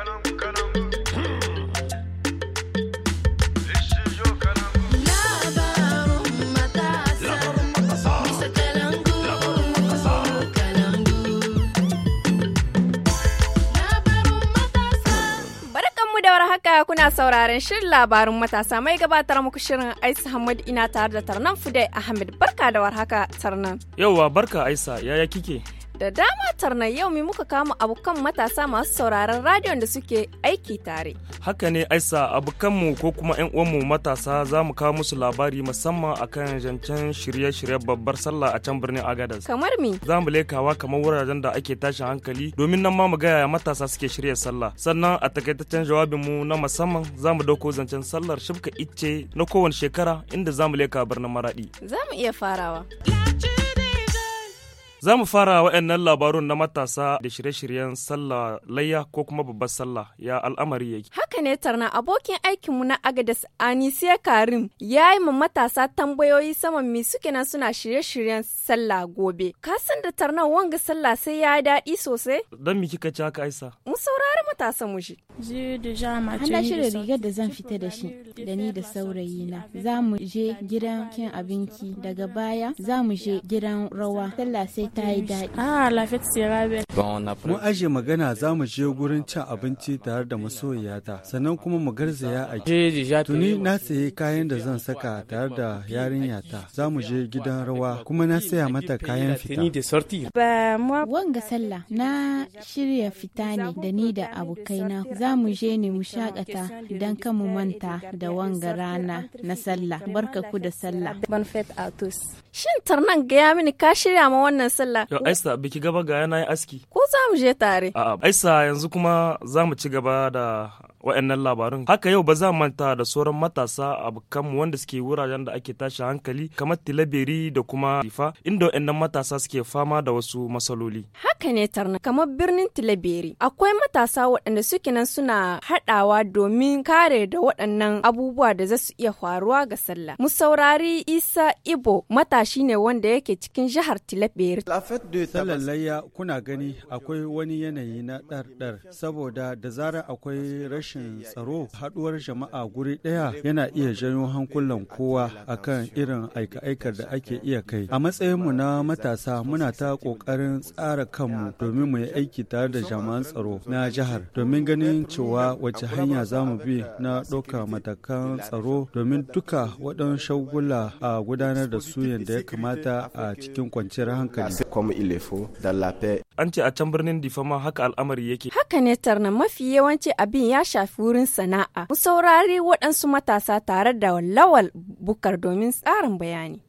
haka kuna sauraren shirin labarin matasa mai gabatar muku shirin Aisa Hamad ina tare da Tarnan Fudai Ahmed barka da warhaka Tarnan. Yauwa barka Aisa yaya kike? Da dama tarnar yau mai muka kama abokan matasa masu sauraron radiyon da suke aiki tare. Haka ne Aisa abokanmu ko kuma 'yan uwanmu matasa za mu kawo musu labari musamman akan zancen shirye-shiryen babbar sallah a can birnin Agadez. Kamar mi? Za mu lekawa kamar wuraren da ake tashin hankali domin nan ma mu gaya matasa suke shirya sallah. Sannan a takaitaccen jawabinmu na musamman za mu dauko zancen sallar shibka icce na kowane shekara inda za mu leka birnin maraɗi. Za mu iya farawa. Za mu fara waɗannan labarun na matasa da shirye-shiryen sallah layya ko kuma babbar sallah ya al'amari yake. Haka ne tarna abokin aikinmu na Agadas Anisiya Karim ya yi ma matasa tambayoyi saman me suke nan suna shirye-shiryen sallah gobe. Ka san da tarna wanga sallah sai ya daɗi sosai? Dan me kika ci haka Aisa? Mu saurari matasa mu shi. Ana shirya rigar da zan fita da shi da ni da saurayina. Za mu je gidan kin abinci daga baya za mu je gidan rawa. Sallah sai ta Mu aje magana za mu je gurin cin abinci tare da masoyiyata sannan kuma mu garzaya a Tuni na sayi kayan da zan saka tare da yarinyata za mu je gidan rawa kuma na saya mata kayan fita. Wanga sallah na shirya fita ne da ni da abokaina za mu je ne mu shakata don kan mu manta da wanga rana na sallah barka ku da sallah. Shin tarnan gaya mini ka shirya ma wannan sallah. Yo Aisa biki gaba ga yana aski. Ko za mu je tare. A'a Aisa yanzu kuma za mu ci gaba da waɗannan labarun haka yau ba za manta da sauran matasa a abokanmu wanda suke wuraren da ake tashi hankali kamar tilaberi da kuma rifa inda wa'annan matasa suke fama da wasu matsaloli haka ne tarna kamar birnin tilaberi akwai matasa waɗanda suke nan suna haɗawa domin kare da waɗannan abubuwa da za su iya faruwa ga sallah mu saurari isa ibo matashi ne wanda yake cikin jihar tilaberi lallayya kuna gani akwai wani yanayi na ɗarɗar saboda da zarar akwai rashin rashin tsaro haɗuwar jama'a guri ɗaya yana iya janyo hankulan kowa akan irin aika-aikar da ake iya kai a matsayinmu na matasa muna ta ƙoƙarin tsara kanmu domin mu yi aiki tare da jama'an tsaro na jihar domin ganin cewa wace hanya za mu bi na ɗaukar matakan tsaro domin duka waɗannan shagula a gudanar da su yadda ya kamata a cikin kwanciyar hankali. An ce a can birnin Difama haka al'amari yake. Haka ne tarna mafi yawanci abin ya shafi shafi wurin sana'a. Mu saurari waɗansu matasa tare da lawal bukar domin tsarin bayani.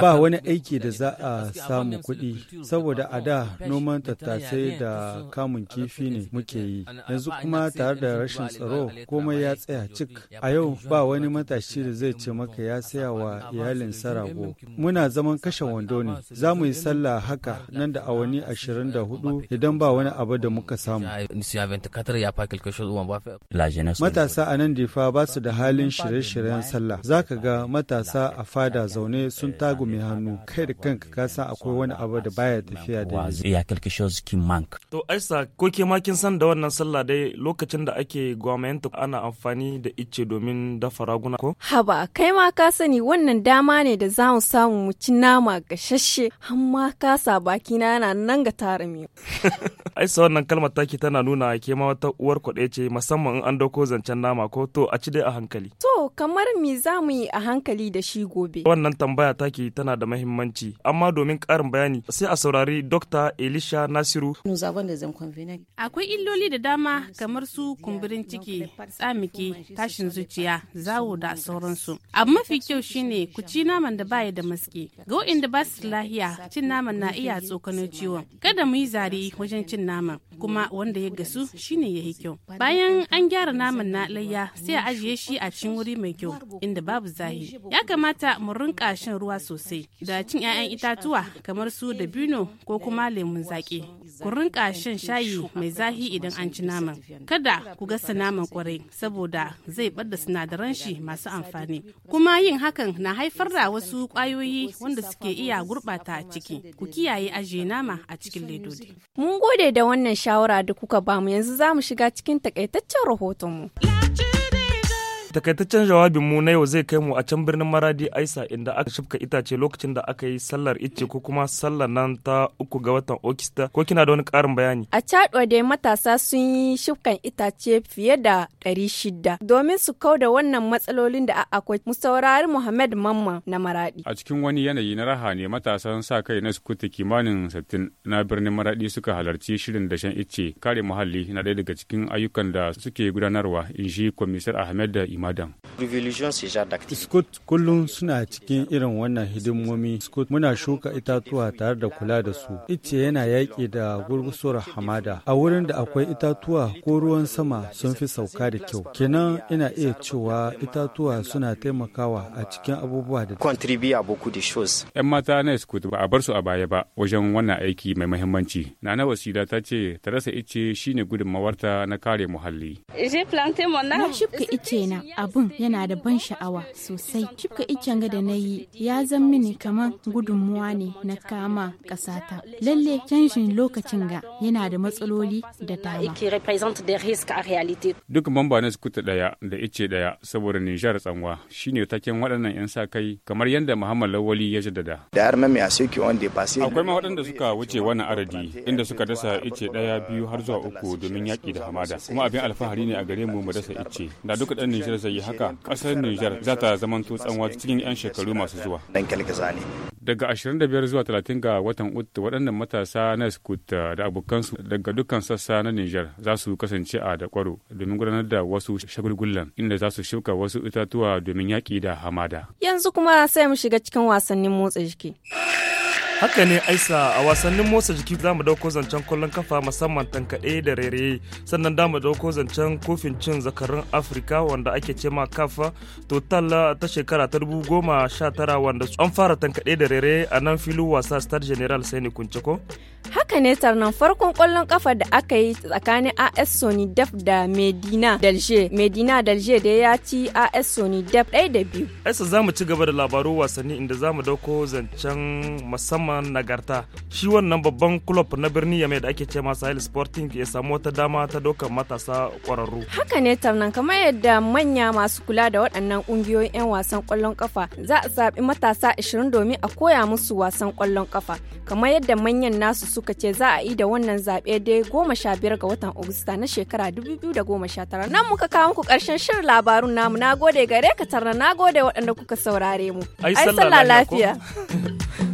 ba wani aiki da za a samu kuɗi saboda a da noman tattasai da kamun kifi ne muke yi yanzu kuma tare da rashin tsaro komai ya tsaya cik a yau ba wani matashi da zai ce maka ya saya wa iyalin sarago muna zaman kashe wando ne za mu yi sallah haka nan da awanni ashirin da hudu idan ba wani abu da muka samu matasa a nan difa ba su da halin shirye-shiryen sallah za ka ga matasa a fada zaune sun tagume hannu kai da kanka ka san akwai wani abu da baya tafiya da to aisa ko ke ma kin san da wannan sallah dai lokacin da ake gwamayanta ana amfani da icce domin dafa raguna ko haba kai ma ka sani wannan dama ne da za mu samu mu ci nama gashashe ka kasa baki na yana nan ga tara miyo aisa wannan kalmar taki tana nuna ke ma wata uwar kwaɗe ce musamman in an dauko zancen nama ko to a ci dai a hankali to kamar me za mu yi a hankali da shi gobe wannan tambaya taki tana da mahimmanci amma domin karin bayani sai a saurari Dr. Elisha Nasiru. Akwai illoli da dama kamar su kumburin ciki, tsamike, tashin zuciya, zawo da sauransu. Abu mafi kyau shine ku ci naman da baya da maske. Ga inda ba su lahiya, cin naman na iya tsokano ciwon. Kada mu yi zare wajen cin naman, kuma wanda ya gasu shine ya yi kyau. Bayan an gyara naman na layya sai a ajiye shi a cikin wuri mai kyau inda babu zahi. Ya kamata mu rinka shan ruwa sosai da cin 'ya'yan itatuwa kamar su dabino ko kuma lemun zaƙi ku rinka shan shayi mai zahi idan an ci naman kada ku gasa naman kwarai saboda zai bada sinadaran shi masu amfani kuma yin hakan na haifar da wasu ƙwayoyi wanda suke iya gurɓata ciki ku kiyaye ajiye nama a cikin ledodi mun gode da wannan shawara da kuka bamu yanzu za mu shiga cikin takaitaccen rahoton mu Takaitaccen jawabin mu na yau zai kai mu a can birnin Maradi Aisa inda aka shifka itace lokacin da aka yi sallar icce ko kuma sallar nan ta uku ga watan Okista ko kina da wani karin bayani? A Chadwa dai matasa sun yi shifkan itace fiye da ɗari shida domin su kau da wannan matsalolin da akwai mu saurari Muhammad Mamma na Maradi. A cikin wani yanayi na raha ne matasan sa kai na sukuta kimanin sittin na birnin Maradi suka halarci shirin dashen icce kare muhalli na ɗaya daga cikin ayyukan da suke gudanarwa in shi Komisar Ahmed da Imam hamadan. Scott kullum suna cikin irin wannan hidimomi. Scott muna shuka itatuwa tare da kula da su. Ice yana yaƙi da gurgusuwar hamada. A wurin da akwai itatuwa ko ruwan sama sun fi sauka da kyau. Kenan ina iya cewa itatuwa suna taimakawa a cikin abubuwa da Yan mata na Scott ba a bar su a baya ba wajen wannan aiki mai muhimmanci. Nana Wasila ta ce ta rasa ice shine gudunmawarta na kare muhalli. Na shuka ice na abun yana da ban sha'awa sosai cika iccen ga da na yi ya zan mini kamar gudunmuwa ne na kama ƙasata lalle canjin lokacin ga yana da matsaloli da dama duk bamba na sukuta daya da ice daya saboda nijar tsanwa shine taken waɗannan 'yan sa kai kamar yadda muhammad lawali ya jaddada akwai ma waɗanda suka wuce wannan aradi inda suka dasa ice daya biyu har zuwa uku domin yaƙi da hamada kuma abin alfahari ne a gare mu mu dasa ice na duka ɗan nijar zai yi haka ƙasar Nijar za ta zamanto tsanwa cikin 'yan shekaru masu zuwa. daga 25 zuwa 30 ga watan Uttu waɗannan matasa na skut eh, da abokansu daga dukkan sassa na nijar za su kasance a da kwaro domin gudanar da wasu shagulgullan inda za su shuka wasu itatuwa domin yaƙi da hamada yanzu kuma sai mu shiga cikin wasannin motsa jiki haka ne aisa a wasannin motsa jiki za mu dauko zancen kwallon kafa musamman tankaɗe da rairaye sannan da mu dauko zancen kofin cin zakarun afirka wanda ake ce ma kafa total ta shekara ta dubu goma sha tara wanda an fara tankaɗe da rere a nan filin wasa star general sai ne kunce ko haka ne tarnan farkon kwallon kafa da aka yi tsakanin AS def da Medina dalje Medina dalje da ya ci AS def ɗaya da biyu. Aisa za mu ci gaba da labaru wasanni inda za mu dauko zancen musamman nagarta. Shi wannan babban kulob na birni ya da ake ce masa Sahel Sporting ya samu wata dama ta dokar matasa kwararru. Haka ne tarnan kamar yadda manya masu kula da waɗannan ƙungiyoyin 'yan wasan kwallon kafa za a zaɓi matasa ashirin domin a koya musu wasan kwallon kafa. Kamar yadda manyan nasu suka ce za a yi da wannan zaɓe dai goma sha biyar ga watan Agusta na shekara dubu biyu da goma sha tara. Nan muka kawo muku ƙarshen shirin labarun namu na gode gare ka tarna na gode waɗanda kuka saurare mu. Ai sallah lafiya.